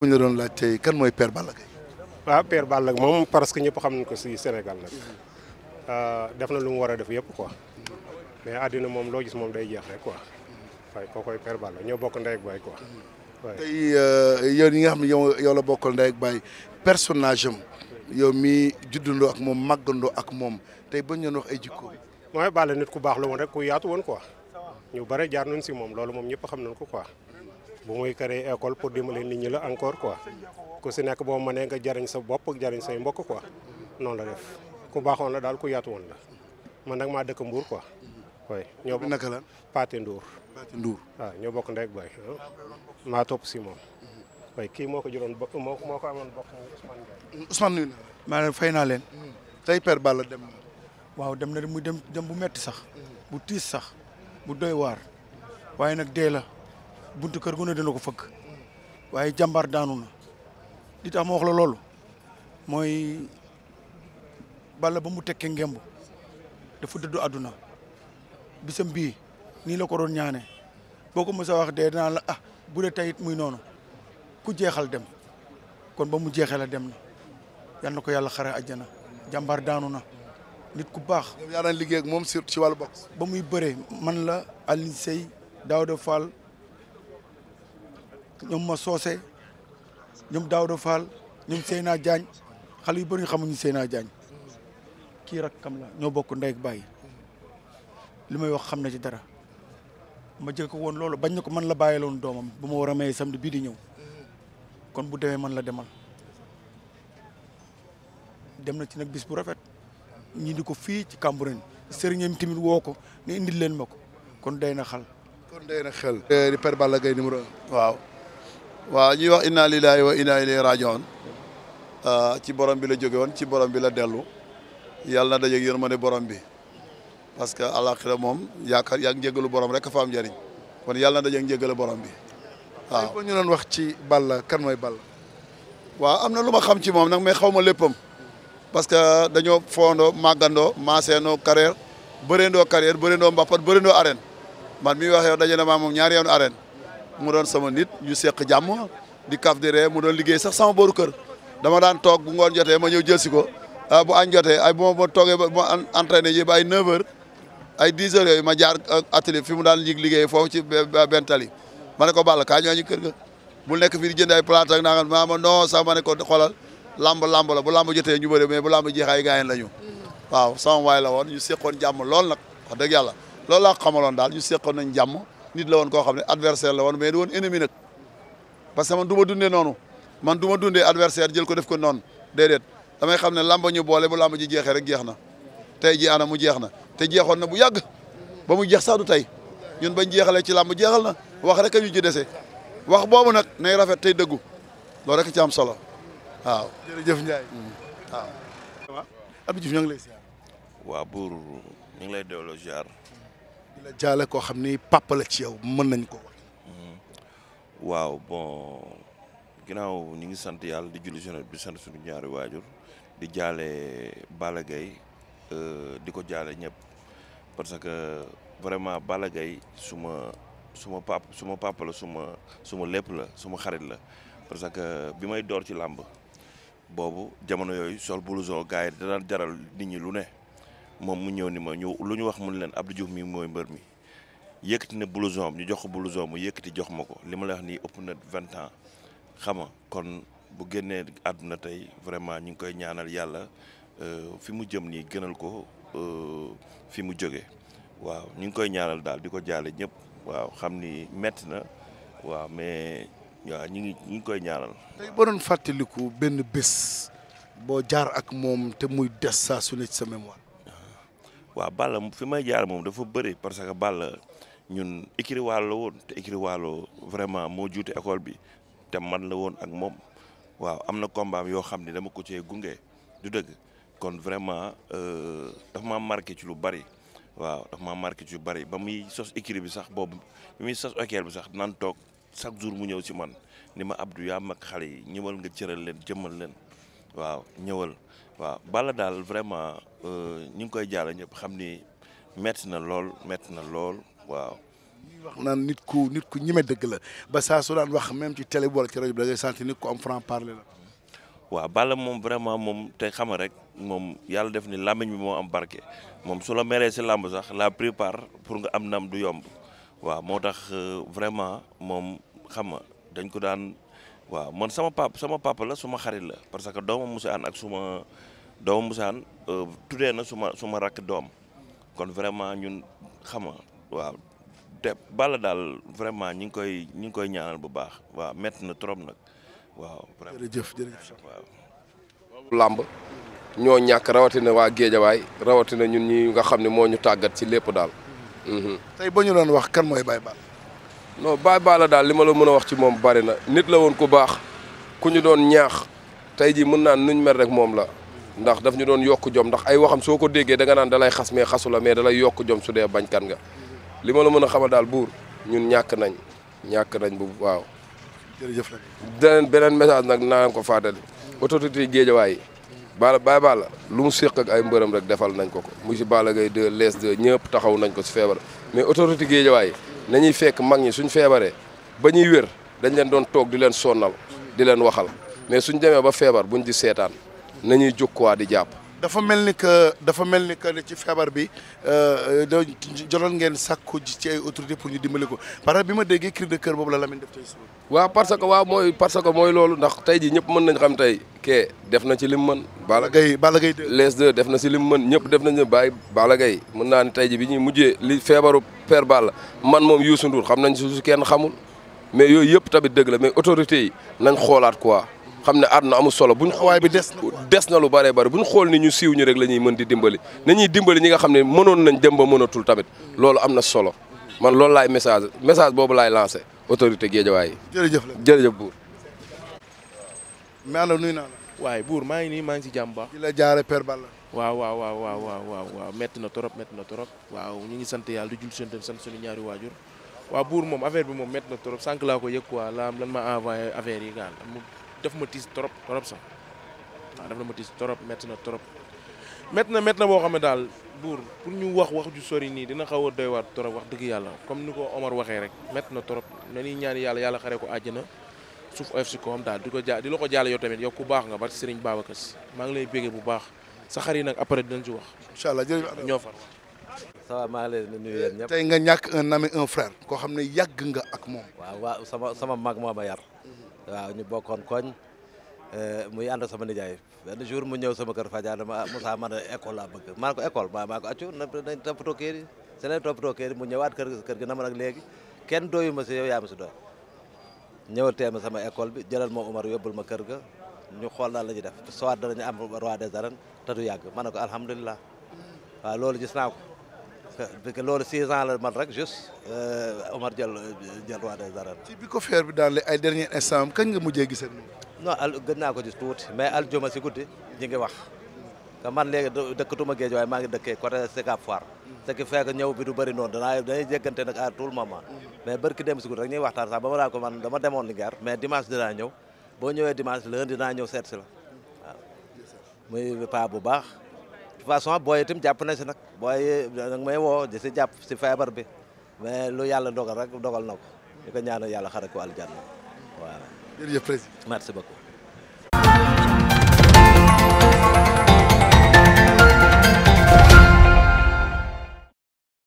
bu la doon laaj tey kan mooy Père Balla Gaye. waaw Père Balla Gaye moom parce que ñëpp xam nañ ko si Sénégal nag mhm. euh, def na lu mu war a def yëpp quoi mais àddina moom loo gis moom day jeex rek quoi waaye kookoy Père Balla ñoo bokk ndey ak baay quoi. Mhm. tey euh, yow yi nga xam ne yow yow la bokkal ndey ak yow mi juddandoo moom màggandoo ak moom tey bañ leen wax ay jikko. mooy Balla nit ku baax la woon rek ku yaatu woon quoi ñu bare jaar nañ si moom loolu moom ñëpp xam nañ ko ko bu muy créer école pour dimbali nit ñi la encore quoi ku si nekk boo mënee nga jariñ sa bopp jariñ say mbokk ko noonu la def ku baaxoon la daal ku yaatu woon la man nag maa dëkk Mbour ko oui ñoo bokk la Pathé Ndour. Ah, ñoo bokk ndey ak baay ah. maa topp si moom. waaye kii moo ko juróon bokk moo moo ko amoon bokk Ousmane Ndiaye. fay naa leen. Hmm. tey per Balla dem waaw dem na muy dem dem bu metti sax. bu tiis sax bu doy waar waaye nag dee la. buntu kër gu ne dina ko fëgg waaye jàmbaar daanu na li tax ma wax la loolu mooy bala ba mu tekkee ngemb dafa dëddu àdduna bisam bii nii la ko doon ñaane boo ko mos wax dee dinaa la ah bu dee tey muy noonu ku jeexal dem kon ba mu jeexee la dem na yal na ko yàlla xare àjjana jàmbaar daanu na nit ku baax. ba muy bëree man la Alioune Seye Daouda Fall ñoom ma soose ñoom Daouda Fall ñoom Seyna jaañ xal yu bëri xamuñu Seyna jaañ kii rakkam la ñoo bokk ndey bàyyi lu may wax xam na ci dara ma jël ko woon loolu bañ na ko man la bàyyiloon doomam bu ma war a maye samedi bii di ñëw kon bu demee man la demal dem na ci nag bis bu rafet ñi di ko fii ci Cambérène sëriñam tamit woo ko ne indil leen ma ko kon day na xal kon xel eh, waaw waaw ñuy wax inna lillahi wa inna ilayhi rajiun ah, ci borom bi la jóge woon ci borom bi la dellu yàlla na dajeeg yërmande borom bi parce que alaxira moom yaakaar yaa njëgalu borom rek fa am yàlla na dajeeg njëgalu bi waaw. ko ñu doon wax ci Balla kan mooy Balla. waaw am na lu ma xam ci moom nag mais xaw ma léppam parce que dañoo foondoo màggandoo maaseendoo carrière bëreendoo carrière bëreendoo mbappat bëreendoo arène man mi wax yow daje na maa moom ñaari yoon arène. mu doon sama nit ñu seq jàmm di kaf di mu doon liggéey sax sama booru kër dama daan toog bu ngoon jotee ma ñëw jël si ko ah, bu añ jotee ay bu ma toogee ba ma entraîné yi ba ay 9 heures ay 10 heures yooyu ma jaar atelier fi mu daan yig liggéey foofu ci benn ma ne ko Balla kaa ñoo ñu kër ga bu nekk fii di jënd ay plate ak naanga maa ma non sax ma ne ko xoolal lamb lamb la bu lamb jotee ñu bëri mais bu lamb jeex ay gaayen la ñu waaw sama waay la woon ñu seqoon jàmm lool nag wax dëgg yàlla loolu laa xamaloon daal ñu seqoon nañ jàmm nit la woon koo xam ne adversaire la woon mais du woon ennemi nag parce que man du ma dundee noonu man du ma dundee adversaire jël ko def ko noonu déedéet damay xam ne lamba ñu boole bu lamba ji jeexee rek jeex na tey ji ana mu jeex na te jeexoon na bu yàgg ba mu jeex sax tey ñun ba jeexalee ci làmb jeexal na wax rek a ñu ci dese wax boobu nag nay rafet tey dëggu loolu rek ci am solo waaw. jërëjëf Ndiaye. Mm. waaw. Abdou Diouf ñoo ngi lay ziar. waa buur ñu ngi lay delloo ziar. la jaale koo xam ni papa la ci yow mën nañ ko wax. Hmm. waaw bon ginnaaw ñu ngi sant yàlla di julli journée bi sant suñu ñaari waajur di jaale Balla Gaye euh, di ko jaale ñëpp parce que vraiment Balla Gaye suma suma pap suma papa la suma suma lépp la suma xarit la parce que bi may door ci làmb boobu jamono yooyu sol blouson gars yi dana jaral nit ñi lu ne. moom mu ñëw ni ma ñu lu ñu wax mun leen Abdou Diouf mi mooy mbër mi yëkkati na blouson ñu jox ko blouson mu yëkkati jox ma ko li ma la wax nii ëpp na vingt ans xam nga kon bu génnee àdduna tey vraiment ñu ngi koy ñaanal yàlla euh, fi mu jëm nii gënal ko euh, fi mu jóge waaw ñu ngi koy ñaanal daal di ko jaale ñëpp waaw xam ni metti na waaw mais waa ñu ngi ñu ngi koy ñaanal. tey boo doon fàttaliku benn bés boo jaar ak moom te muy des saa su ne ci sa mémoire. waaw Balla fi may jaar moom dafa bëri parce que Balla ñun écrit waalo la woon te écrit waalo vraiment moo juute école bi te man la woon ak moom waaw am na combat yoo xam ne dama ko cee gunge du dëgg kon vraiment euh, dafa maa marqué ci lu bari waaw dafa maa marqué ci lu ba muy sos écrit bi sax boobu bi muy sos école bi sax naan toog chaque jour mu ñëw si man ni ma Abdou yaa mag xale yi ñëwal nga cëral leen jëmmal leen waaw ñëwal waaw Balla daal vraiment euh, ñu ngi koy jàll ñëpp xam ni metti na lool metti na lool waaw. ñuy wax naan nit ku nit ku ñeme dëgg la ba saa su daan wax même ci télé wala ci rajo bi da ngay sentir nit ku am franc parler la. waaw Balla moom vraiment moom te xama rek moom yàlla def ni làmmiñ bi moo am barke moom su la meree si làmb sax la prépare pour nga am nam du yomb waaw moo tax euh, vraiment moom xam nga dañ ko daan. waaw man sama papa sama papa la suma xarit la parce que doomu Moussaane ak suma doomu Moussaane euh, tuddee na suma suma rakk doom kon vraiment ñun xama waaw te daal vraiment ñi ngi koy ñi ngi koy ñaanal bu baax waaw métti na trop nag waaw. jërëjëf làmb ñoo ñàkk rawatina waa Géejawaay rawatina ñun ñi nga xam ne moo ñu tàggat ci lépp daal. tey ba ñu doon wax kan mooy Baye Balla. non Baye Balla daal li ma la mën a wax ci moom bari na nit la woon ku baax ku ñu doon ñaax tey jii mën naan nuñ mel rek moom la ndax daf ñu doon yokk jom ndax ay waxam soo ko déggee danga nga naan dalay xas mais xasu la mais dalay yokk jom su dee bañkan nga li ma la mën a xamal daal buur ñun ñàkk nañ ñàkk nañ bu waaw. jërëjëf rek. beneen beneen message nag naa ko fàttali. autorité yi géejawaay yi. Balla Baye lu mu séq ak ay mbërëm rek defal nañ ko ko mu si Balla Gaye 2 Less 2 ñëpp taxaw nañ ko si feebar mais autorité géejawaay yi nañuy fekk mag ñi suñ feebaree ba ñuy wér dañ leen doon toog di leen sonnal di leen waxal mais suñ demee ba feebar buñ di seetaan nañuy jóg quoi di jàpp dafa mel ni que dafa mel ni que ci feebar bi euh, da jotoon ngeen sàkku ci ay autorités pour ñu dimbali ko parce bi ma déggee cri kër boobu la Lamine def tey suba. waaw parce que waaw mooy parce que mooy loolu ndax tey ñëpp mën nañ xam tey kee def na ci lim mën. Balla Gaye Balla Gaye les def na si lim mën ñëpp def nañ bàyyi Balla Gaye mën naa ne tey ji bi ñuy mujjee li feebaru Père Balla man moom Youssou Ndour xam nañ su kenn xamul mais yooyu yëpp tamit dëgg la mais autorités yi nañ xoolaat quoi. xam ne na amu solo buñ waaye bi des des na lu bëree bu buñ xool ni ñu siiw ñu rek la ñuy mën di dimbali nañuy dimbali ñi nga xam ne mënoon nañ dem ba mënatul tamit loolu am na solo man loolu laay message message boobu laay lancé autorité Guédiawaye yi. jërëjëf la jërëjëf buur. mais alors nuyu naa waaye buur maa ngi nii maa ngi si jàmm baax. la jaare Père Balla. waaw waaw waaw waaw na trop métti na trop waaw ñu ngi sant yàlla di jul seen tam sant suñu ñaari waajur moom affaire bi moom métti na trop sànq laa ko yëg quoi la lan ma envoyé affaire yi gaal daf ma tiis trop trop sax waaw daf na ma tiis trop métti na trop métti na mett na boo xam ne daal buur pour ñu wax wax ju sori nii dina xaw a doy waat trop wax dëgg yàlla comme ni ko Omar waxee rek mett na trop dañuy ñaan yàlla yàlla xaree ko àjjana suuf oyof si kawam daal di ko ja di ko jàll yow tamit yow ku baax nga ba Serigne Babacar Sy maa ngi lay bégee bu baax sa xari yi nag après dinañ ci wax. incha allah jërëjëf ñoo far. ça va maa ngi tey nga ñàkk un ami un frère. koo xam ne yàgg nga ak moom. waaw waaw sama sama mag moo ma waaw ñu bokkoon koñ eh, muy ànd sama nijaay benn jour mu ñëw sama kër Fadiane ma Moussa man école laa bëgg maa ko école maa maa ko accu nañ toppatoo kër yi se nañ toppatoo kër yi mu ñëwaat kër kër gi na ma nag léegi kenn dooyu ma si yow yaa ma si doy ñëwal tee ma sama école bi jëlal ma Omar yóbbul ma kër ga ñu xool daal la ñuy def soit danañu am roi des arènes te du yàgg ma ne ko alhamdulilah waaw loolu gis naa ko parce que loolu six ans la man rek juste euh, Omar Diallo jël roi des arènes. ci bi ko feer bi daal ay dernier instant am kañ nga mujjee gisee moom. non al gën naa ko gis tuuti mais al joma si guddi ñu ngi wax te man léegi dëkkatuma géej waaye maa ngi dëkkee côté Sicap Foire. ce qui fait que ñëw bi du bëri noonu danaa dañuy jéggante nag à tout le moment. mais barki dem si guddi rek ñuy waxtaan sax ba ma daal ko man dama demoon Linguère mais dimanche dinaa ñëw boo ñëwee dimanche lundi dinaa ñëw seet si la muy façon booy itam jàpp na si nag booy nag may woo di si jàpp si feebar bi mais lu yàlla dogal rek dogal na ko di ko ñaanal yàlla xare ko aljanna waaw. jërëjëf président merci beaucoup.